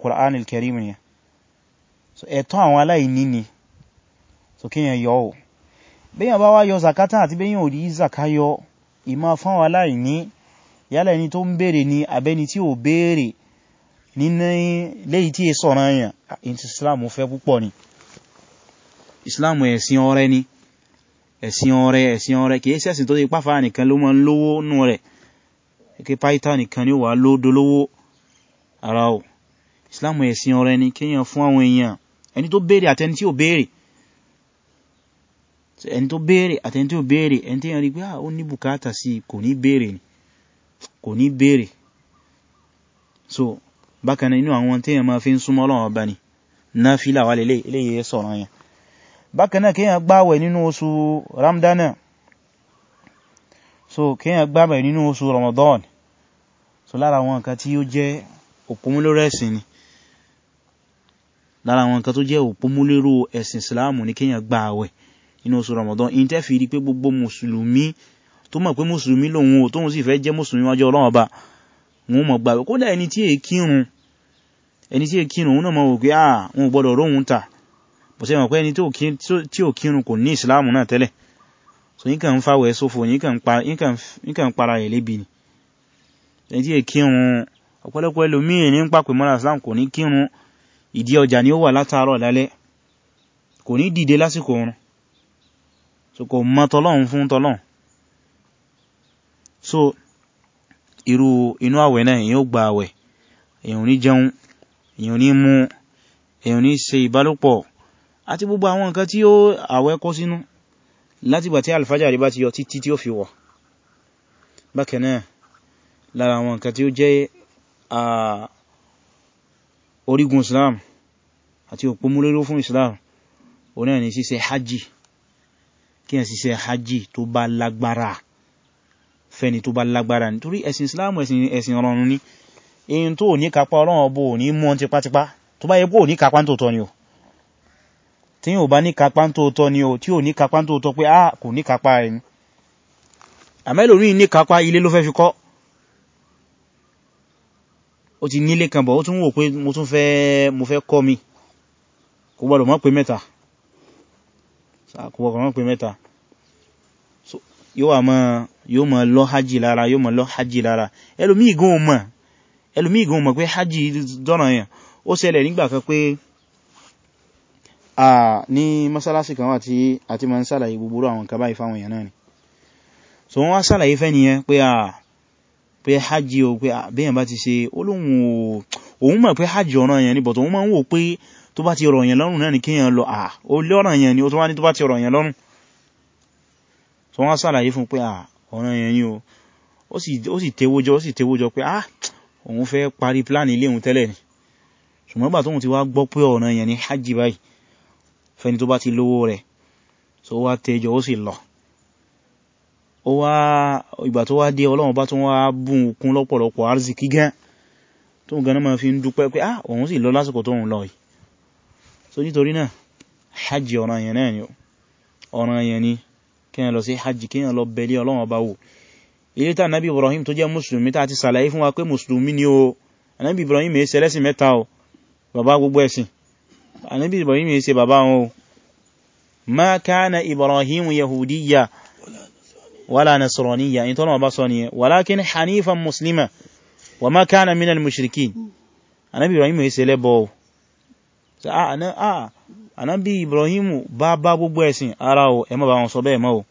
so ẹ̀tọ́ àwọn aláìní ni so kíyàn yọ o bẹ́yàn bá wá yọ zakata àti bẹ́yàn zaka yọ ìmá fáwọn aláìní yálà ẹni tó ń bèèrè ní abẹ́ni tí ò bèèrè nínú léyìí tí è sọ̀rọ̀ àyàn in ti fẹ́ púpọ̀ ni islam ẹ̀sìn ọrẹ ni ẹ̀sìn ọrẹ ẹ̀sìn ọrẹ kìí ṣẹ̀sìn tó ti pàfà nìkan ló máa ń lówó nù rẹ̀ kí páítà nìkan ni ó wà lódolówó ara ò islam ẹ̀sìn ọrẹ ni kíyàn fún àwọn èèyàn ẹni tó bèèrè àtẹni tí ò bèèrè ẹni tó bèèrè àtẹni tí ò bèèrè ẹni tí yàn rí pé ah, ó ní bùkátà sí kò ní bèèrè ni kò ní béèrè so bákan náà inú àwọn tí èyàn máa fi ń súnmọ́ Ọlọ́run Ọba ni náfílà wà lélẹ̀ eléyìí sọ̀rọ̀ yẹn bákan náà kíyàn gbáwẹ̀ nínú oṣù ramdana so kíyàn gbáwẹ̀ nínú oṣù ramadan so lára àwọn nǹkan tí ó jẹ́ òpómúlérò ẹ̀sìn ni lára àwọn nǹkan tó jẹ́ òpómúlérò ẹ̀sìn Islam ni kíyàn gbáwẹ̀ nínú oṣù ramadan in tẹ́ fi rí pé gbogbo mùsùlùmí tó mọ̀ pé mùsùlùmí lòun ò tóun sì fẹ́ jẹ́ mùsùlùmí wájú Ọlọ́run Ọba wọn mọ̀ gbàgbé kódà ẹni tí èkírun ẹni tí èkírun òun náà mọ̀ wò pé àà ah, wọn ò gbọ́dọ̀ róhun ta bọ̀ sẹ́wọ̀n pé ẹni tí ò kírun kò ní ìsìláàmù náà tẹ́lẹ̀ so yínkà ń fàwẹ̀ sófò yínkà ń para ẹ̀ lébi ni ẹni tí èkírun ọ̀pọ̀lọpọ̀ ẹlòmíì ní ń pàpẹ̀ mọ́ra islam kò ní kírun ìdí ọjà ni ó wà látàárọ̀ lálẹ́ kò ní dìde lásìkò oorun so kò mọ́ tọlọ́run fún tọlọ́run so irú inú àwẹ̀ náà èyàn ó gba àwẹ̀ èyàn ní jẹun èyàn ní mú èyàn ní ṣe ìbálòpọ̀ àti gbogbo àwọn nǹkan tí ó àwẹ̀ kó sínú látìgbà tí alfajari bá ti yọ títí tí ó fi wọ̀ bákan náà lára àwọn nǹkan tí ó jẹ́ orígun Islam àti òpómúléró fún Islam onáà ni ṣíṣe hajji kí ẹ ṣíṣe hajji tó bá lágbára fẹ́ni tó bá lágbára nítorí ẹ̀sìn Islam ẹ̀sìn ọ̀rọ̀run ní in tó ní kápá Ọlọ́run bó ní mọ́ tipátipá tó bá yẹ bó ní kápá tó tọ́ ni o tí yíò bá ní kápá tó tọ́ ni o tí ò ní kápá tó tọ́ pé kò ní kápá rẹ̀ ni àmẹ́lòmí ní kápá ilé ló fẹ́ fi kọ́ ó ti nílé kan bọ̀ ó tún wò pé mo wà máa yóò mọ̀ lọ hajj lára yóò mọ̀ lọ hajj lára ẹlòmí gan mọ̀ ẹlòmí gan mọ̀ pé hajj dọ́nà yẹn ó ṣẹlẹ̀ nígbà kan pé ní masalasi kan wà tí a ti ma ń sàlàyé gbogbo àwọn kaba ìfáwọn èèyàn náà ni so wọ́n wá sàlàyé fẹ́ nìyẹn pé à pé hajj o pé àbíyàn bá ti ṣe olóhun òun mọ̀ pé hajj ọ̀ràn yẹn ni bọ̀tọ̀ wọ́n máa ń wò pé tó bá ti ọ̀rọ̀ yẹn lọ́rùn náà ni kíyàn lọ à ó lọ́ràn yẹn ni ó tó wá ní tó bá ti ọ̀rọ̀ yẹn lọ́rùn so wọ́n sàlàyé fún pé à ọ̀ràn yẹn ni o ó sì tewójọ ó sì tewójọ pé ah òun fẹ́ parí plan ilé òun tẹ́lẹ̀ ni ṣùgbọ́n gbà tóhun ti wá gbọ́ pé ọ̀ràn yẹn ni hajji báyìí fẹ́ni tó bá ti lówó rẹ̀ so wá tẹjọ ó sì lọ ó wá ìgbà tó wá dé ọlọ́run bá tó wá bùn kún lọ́pọ̀lọpọ̀ arziki gan tó gan náà fi ń dúpẹ́ pé ah òun sì lọ lásìkò tó lọ yìí so nítorí náà hajji ọ̀ràn yẹn náà ni ọ̀ràn yẹn ni kíyàn lọ sí hajji kíyàn lọ bẹ̀lẹ̀ Ọlọ́run ọba wò ilé tà nábi Ibrahim tó jẹ́ mùsùlùmí tà ti sàlàyé fún wa pé mùsùlùmí ni o anábi Ibrahim èé e ṣe lẹ́sìn mẹ́ta o bàbá gbogbo ẹ̀sìn anábi Ibrahim èé e ṣe bàbá wọn o ma kana Ibrahim e o Ah, ànábí ah, Ibrahim bá bá gbogbo ẹ̀sìn ara o ẹ má bá wọn sọ bẹ́ẹ̀ mọ́ o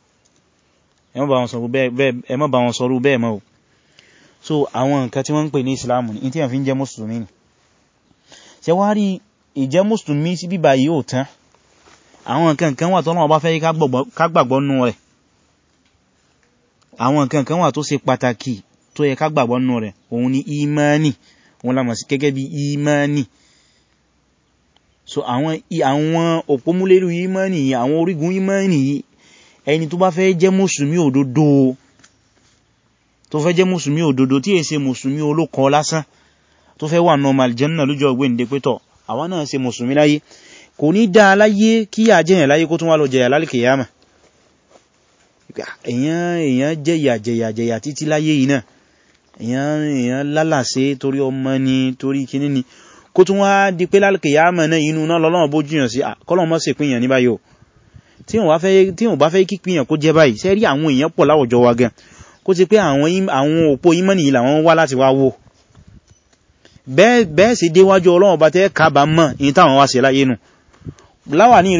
ẹ má so àwọn nǹkan tí wọ́n ń pè ní Islam ní tí a fi ń jẹ́ mùsùlùmí ni ṣe wá rí ìjẹ́ mùsùlùmí sí bíbà yìí ò tán àwọn nǹkan kan wà tọ́lọ́wọ́ bá fẹ́ ká gbàgbọ́ nú rẹ̀ àwọn nǹkan kan wà tó ṣe pàtàkì tó yẹ ká gbàgbọ́ nú rẹ̀ òun ni imani òun la mọ̀ sí gẹ́gẹ́ bí imani so àwọn àwọn òpómúlérú ìmánì yìí àwọn orígun ìmánì yìí ẹni tó bá fẹ́ jẹ́ mùsùlùmí òdodo tó fẹ́ jẹ́ mùsùlùmí òdodo tí è se mùsùlùmí olókọ lásán tó fẹ́ wà normal jẹ́nà lójọ́ ọgbẹ́ ní pẹ́tọ̀ àwọn náà ṣe mùsùlùmí láyé kò ní dá láyé kí yà jẹ́yàn láyé kó tún wá lọ jẹyà lálìkè yàmà èyàn èyàn jẹyà jẹyà jẹyà títí láyé yìí náà èyàn èyàn lálàsé torí ọmọ ni torí kíní ni kó tún wá di pé lálkìyàmọ̀ náà inú náà lọ́lọ́wọ́ bó jùyàn sí kọ́lọ̀ mọ́ sí pìyàn ní báyìí tí wọ́n bá fẹ́ kí pìyàn kó jẹ́ báyìí sẹ́rí àwọn èèyàn pọ̀ láwùjọ wa gan kó ti pé àwọn òpó ìmánì yìí làwọn wá láti wá wò bẹ́ẹ̀ sì déwájú Ọlọ́run bá tẹ́ kábàámọ̀ in táwọn wá ṣe láyé nù láwà ní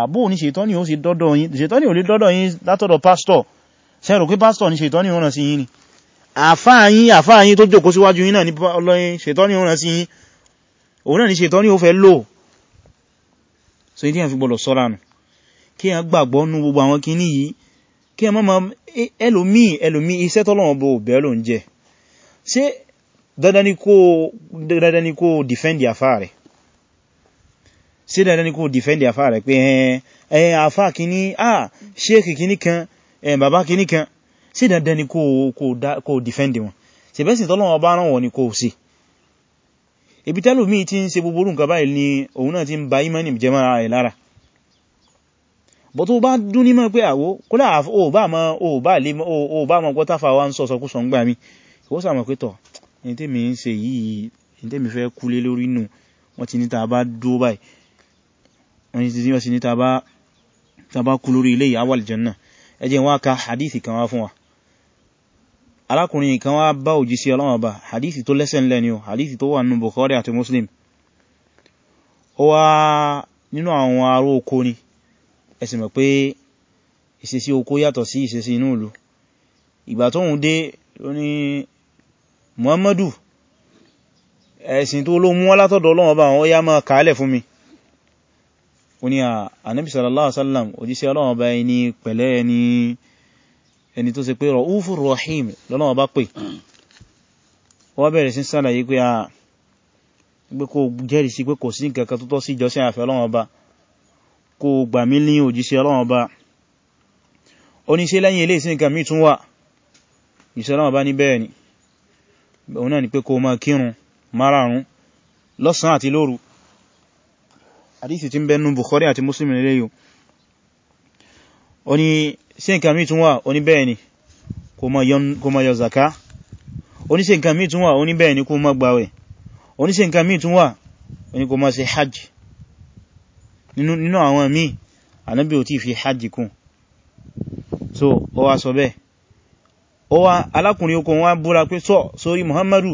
àbú ní ṣètọ́nì ó sì dọ́dọ̀ yín ṣètọ́nì ò lè dọ́dọ̀ yín látọ̀dọ̀ pásítọ̀ sẹ́rò pé pásítọ̀ ní ṣètọ́nì ó rán sí yín ni àfáàyín àfáàyín tó jókòó síwájú yín náà ní ọlọ́yìn ṣètọ́nì ó rán sí yín òun náà ní ṣètọ́nì ó fẹ́ lò so ìdí àfi gbọ́dọ̀ sọ́ra nù kí a gbàgbọ́ nú gbogbo àwọn kinní yìí kí a má ma ẹlòmí ẹlòmí iṣẹ́ tọ́lọ́wọ́n defend àfáà sí dandan ní kó dìfẹ́ndì àfá rẹ̀ pé ẹn àfá kìíní ah ṣéèkì kìíní kan ẹn bàbá kìíní kan sí dandan ní kó dìfẹ́ndì wọn sí bẹ́sìn tọ́lọ́wọ́ bá rán wọn ni kó sí ibi tẹ́lù míì tí ń ṣe gbogbo nǹkan báyìí ni òun náà ti ń ba imani jẹ́ mara rẹ̀ lára bọ́ tó bá dún ní mọ́ pé àwó kólà ò bá mọ́ pọ́ táfà wá ń sọ sọkúsọ ń gbà mí ó sàmọ̀ pé tọ̀ ti ní ta bá dúó báyìí wọ́n ti wọ́n sì ní tàbá kú lórí ilé ìyàwó aljanna ẹ jẹ́ hadithi kan wá fún wa alákùnrin kan wá bá òjíṣẹ́ Ọlọ́run bá hadithi tó lẹ́sẹ̀ ńlẹ̀ ni o hadithi tó wà nínú Bukhari àti Muslim ó wá nínú àwọn ará oko ni ẹ sì mọ̀ pé ìṣesí oko yàtọ̀ sí ìṣesí inú ìlú ìgbà tóhun dé ó ní Muhammadu ẹ̀sìn tó ló mú wá látọ̀dọ̀ Ọlọ́run bá wọn ó yá máa kàálẹ̀ fún mi ó ní ànábì sallallahu alaihi wasallam òjíṣẹ́ ọlọ́wọ́ bá ẹni pẹ̀lẹ́ ẹni ẹni tó ṣe pé ra'ufur rahim lọ́lọ́wọ́ bá pè wọ́n bẹ̀rẹ̀ sí sálàyé pé a pé kó jẹ́rìí sí pé kò sí nǹkan kan tó tọ́ sí ìjọsìn àfẹ́ ọlọ́wọ́ bá kó gbà mí ní òjíṣẹ́ ọlọ́wọ́ bá àdísì tí ń bẹ́nu Bukhari àti Muslim nílé yìí oní sí nǹkan mí tún wà oní bẹ́ẹ̀ ni kó má yọ zaka oní sí nǹkan mí tún wà oní bẹ́ẹ̀ ni kó má gbàwẹ̀ oní sí nǹkan mí tún wà oní kó má ṣe hajj nínú àwọn míì Ànábì ò tí fi hajj kún so ó wá sọ bẹ́ẹ̀ ó wá alákùnrin okùn wá búra pé sọ sórí Muhammadu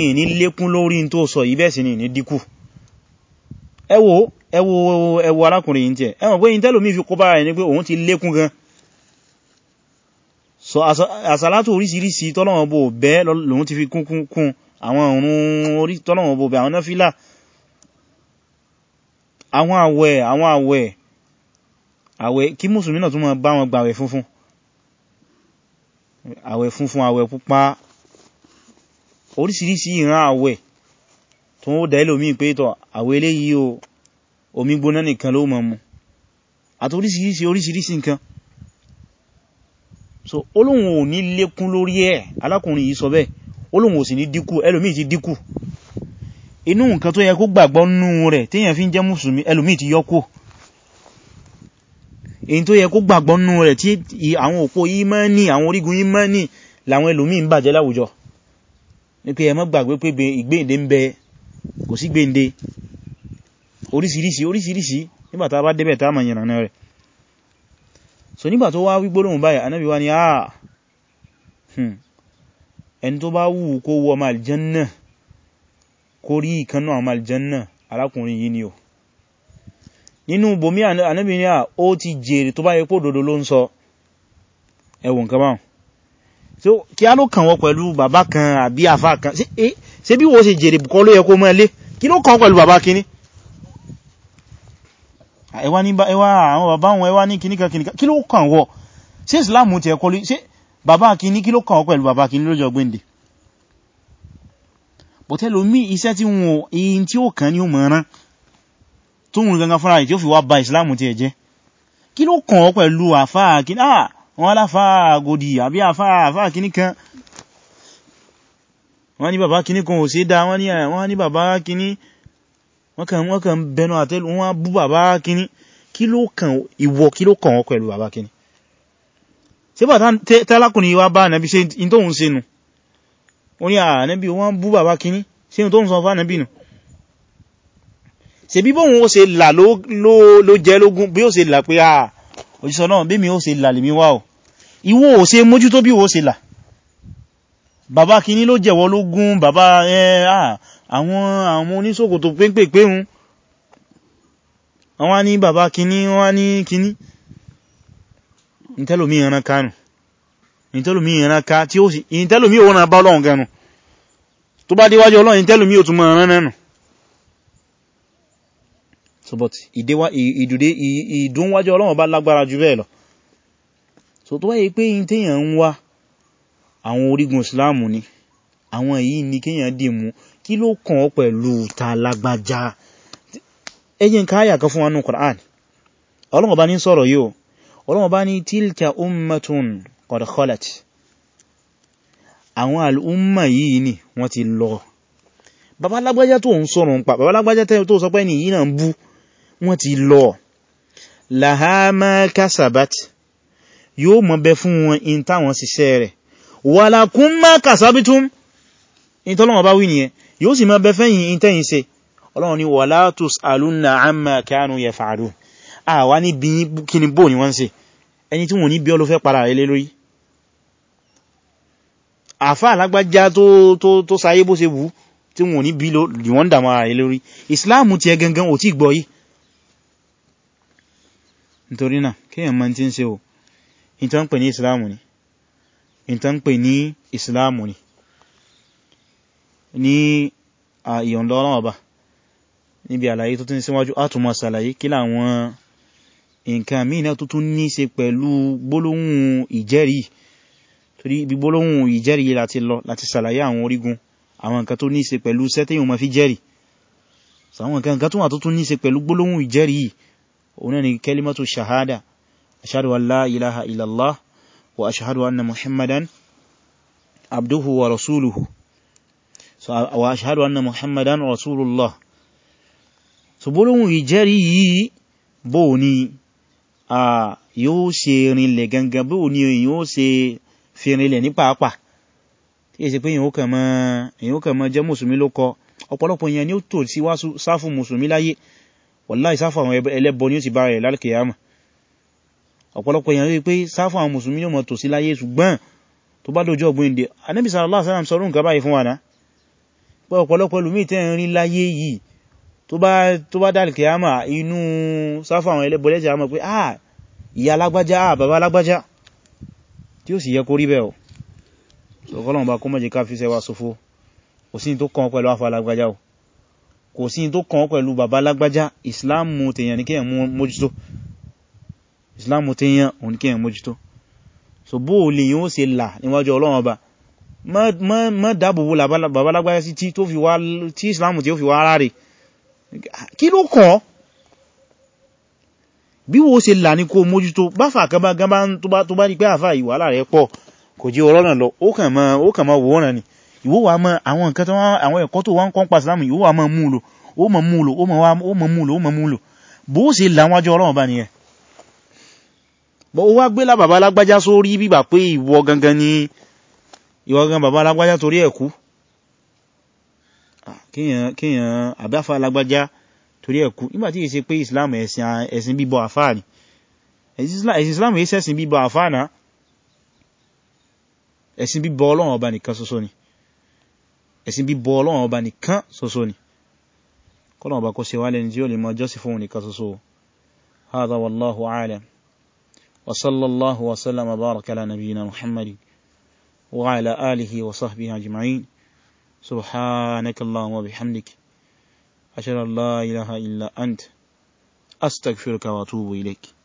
ìní lékún lórí tó sọ ìbẹ́sì ni ní díkù ẹwọ ẹwọ ẹwọ arákùnrin yìí tẹ́ ẹwọ pé yìí tẹ́lòmí fi kó bá rẹ̀ pé òun ti lékún gan so àsàlátò oríṣiríṣi tọ́lọ̀wọ̀n bò bẹ́ lòun ti fi kún kún àwọn òun orí tọ́lọ̀wọ̀n bò bẹ́ àwọn náfílà àwọn àwẹ̀ àwọn àwẹ̀ àwẹ̀ kí mùsùlùmí náà tún máa bá wọn gba àwẹ̀ funfun àwẹ̀ funfun àwẹ̀ pupa oríṣiríṣi ìran àwẹ̀ tó ó dẹ́lò mí pé tọ́ àwọn eléyìí o omi gbóná nìkan ló mọ̀ mú àti oríṣiríṣi oríṣiríṣi nǹkan so olóhun ò ní lékún lórí ẹ̀ alákùnrin yìí sọ bẹ́ẹ̀ olóhun ò sì ní díkù ẹlòmíì ti díkù inú nǹkan tó yẹ kó gbàgbọ́ nú rẹ̀ téèyàn fi ń jẹ́ mùsùlùmí ẹlòmíì ti yọ́kù èyí tó yẹ kó gbàgbọ́ nú rẹ̀ tí àwọn òpó ìmánì àwọn orígun ìmánì làwọn ẹlòmíì ń bàjẹ́ láwùjọ ní pé ẹ má gbàgbé pé ìgbéǹde ń bẹ kò sí gbéǹde orísìírísìí orísìírísìí nígbà tá bá débẹ̀ tá ma yìnrànà rẹ̀ so nígbà tó wá wí gbólóhùn báyìí anábi wá ní àà hmm, ẹni tó bá wù kó wọ ọmọ aljanna kó rí ìkanú àwọn aljanna arákùnrin yìí ni o nínú bomi anábi ní à ó ti jèrè tó bá yẹ pó dodo ló ń sọ ẹwùn kan báhùn so kí á ló kàn wọ pẹ̀lú bàbá kan àbí àfá kan sí eh ṣe bí wọ́n ṣe jèrè bùkọ́ ló yẹ kó mọ́ ẹlé kí ló kàn pẹ̀lú bàbá kíní ah, ẹwà ní ẹwà àwọn bàbá wọn ẹwà ní kíníkà kíníkà kí ló kàn wọ́ ṣe Islam ti ẹ̀kọ́ ṣe bàbá kíní kí ló kàn pẹ̀lú bàbá kíní lọ́jọ́ gbéǹde bọ̀tẹ́lò mí iṣẹ́ tí wọn èyí tí ó kàn ní ó mọ̀ràn tó wùn gangan fúnra rẹ̀ tí ó fi wá ba Islam ti ẹ̀jẹ́ kí ló kàn pẹ̀lú àfáà kíní ah wọn aláfáà godi àbí àfáà àfáà kíní kan wọ́n ní bàbá kìíní kan ò sí dá wọ́n ní àwọn eh, ní bàbá kìíní wọ́n kàn bẹnu àtẹ́lù wọ́n bú bàbá kìíní kí ló kàn ìwọ kí ló kàn wọ́n pẹ̀lú bàbá kìíní ṣe bàtà tálákùnrin wa bá nàbí ṣe in tó ń senu ó ní ànábí wọ́n bú bàbá kìíní ṣe in tó ń sọ fún ànábí nù ṣe bí bóhun ó ṣe là ló jẹ́ lógún bí ó ṣe là pé bàbá kìíní ló jẹ̀wọ́ lógún bàbá àwọn àwọn oníṣòkòtò pépèpé hun wọ́n ní bàbá kìíní wọ́n ní kìíní ìtẹ́lòmí ìran kánù ìtẹ́lòmí ìran ká tí ó sì ìtẹ́lòmí òun náà bá ọlọ́run gẹnu tó bá déwájú ọlọ́run so but ìdúnwájú ọlọ́run bá lágbára jù bẹ́ẹ̀ lọ so tó wáyé pé ìtẹ́yàn àwọn orígun Islam ni àwọn èyí ni kíyàn dì mú kí ló kàn ọ́ pẹ̀lú ta lágbàjá ẹjìn káyà kan fún wa nínú Qur'an Ọlọ́run bá ní sọ̀rọ̀ yìí Ọlọ́run bá ní tilka ummatun qad khalat àwọn al'umma yìí ni wọ́n ti lọ bàbá lágbàjá tó ń sọ̀rọ̀ ń pa bàbá lágbàjá tó sọ pé ní yìí náà ń bú wọ́n ti lọ laha kasabat yóò mọ̀ bẹ fún wọn in táwọn ṣiṣẹ́ rẹ̀ walakum ma kasabitum in tọ́lọ́wọ́ bá wí nìyẹn yóò sì máa bẹ fẹ́yìn tẹ́yìn ṣe ọlọ́run ni wala tus'alunna amma kanu yaf'alun àwa ní bí kíni bò ní wọ́n ṣe ẹni tí wọ́n ní bí ọlọ́fẹ́ para rẹ̀ lórí àfá alágbájá tó sáyé bó ṣe wù tí wọ́n ní bí wọ́n dàmà rẹ̀ lórí ìsìláàmù ti ẹ gangan ò tí ni ìtàn pè ní islamu ni ní ìyọ̀nlọ́ ọ̀rọ̀ ọba níbi àlàyé tó ti ń síwájú átùmọ̀ sàlàyé kí láwọn nǹkan míì náà tó tún ní ṣe pẹ̀lú gbólóhùn ìjẹ́rìí torí láti lọ láti sàlàyé àwọn orígun àwọn nǹkan tó ní ṣe pẹ̀lú sẹ́tẹ̀yìn وأشهد أن محمدا عبده ورسوله وأشهد أن محمدا رسول الله سبولون يجري بوني a yóò ṣe rinlẹ̀ gangan bí òní yóò ṣe fi rinlẹ̀ ní pàápàá tí èsì pé yíò kàn mọ́ jẹ́ mùsùlùmí ló kọ ọ̀pọ̀lọpọ̀ èèyàn ni ó tò sí wá sáfù mùsùlùmí láyé wàláì sáfù àwọn ẹlẹ́bọ ni ó ti bára rẹ̀ lálkìyàmà ọ̀pọ̀lọpọ̀ èèyàn rí pé sáfù àwọn mùsùlùmí yóò mọ̀ tòsí láyé ṣùgbọ́n tó bá dójú ọgbọ́n ìdè Ànábì sallallahu alaihi wasallam sọ̀rọ̀ nǹkan báyìí fún wa náà pé ọ̀pọ̀lọpọ̀ ẹlòmíì tẹ́ ah ìyá alágbájá ah bàbá alágbájá tí ó sì yẹ kó rí bẹ́ẹ̀ o ọ̀kọ́lọ́run bá kó má jẹ́ ká fi sẹ́wà sófó kò sí tó kàn pẹ̀lú afọ islamu ti yan òun kí ẹ̀ mójútó so bó o lè yíó ṣe là níwájú ọlọ́run ọba mọ́ dábòbò babalágbáyá sí tí islamu tí ó fi wá ara rẹ̀ kí ló kọ́ bí wo ṣe là ní kó mójútó bá fà gaba gaba tó bá ní pé àfà ìwàlá rẹ̀ pọ̀ kò jí ọlọ́run lọ ó kàn ni ìwọ́wà mọ́ àwọn nǹkan tó àwọn ẹ̀kọ́ tó wá ń kọ́ńpa islamu ìwọ́wà mọ́ múlò ó mọ́ múlò ó mọ́ múlò ó mọ́ múlò bó ṣe là wájú ọlọ́run ọba nìyẹn bọ́ ó wá gbé lá bàbá lágbájá sórí bíbà pé ìwọ gangan ni ìwọ gangan bàbá lágbájá torí ẹ̀kú ah, kíyàn àbáfà lágbájá torí ẹ̀kú nígbàtí yìí ṣe pé Islam ẹ̀sìn bíbọ àfáà ni ẹ̀sìn Islam yìí ṣẹ̀sìn bíbọ àfáà náà ẹ̀sìn bíbọ Ọlọ́run ọba nìkan ṣoṣo ni ẹ̀sìn bíbọ Ọlọ́run ọba nìkan ṣoṣo ni kọ́lọ̀ọ̀bá kó ṣe wá lẹ́ni tí ó lè mọ́ jọ́sí fún nìkan ṣoṣo هذا والله عالم وصلى الله وسلم وبارك على نبينا محمد وعلى آله وصحبه أجمعين سبحانك اللهم وبحمدك أشهد أن لا إله إلا أنت أستغفرك وأتوب إليك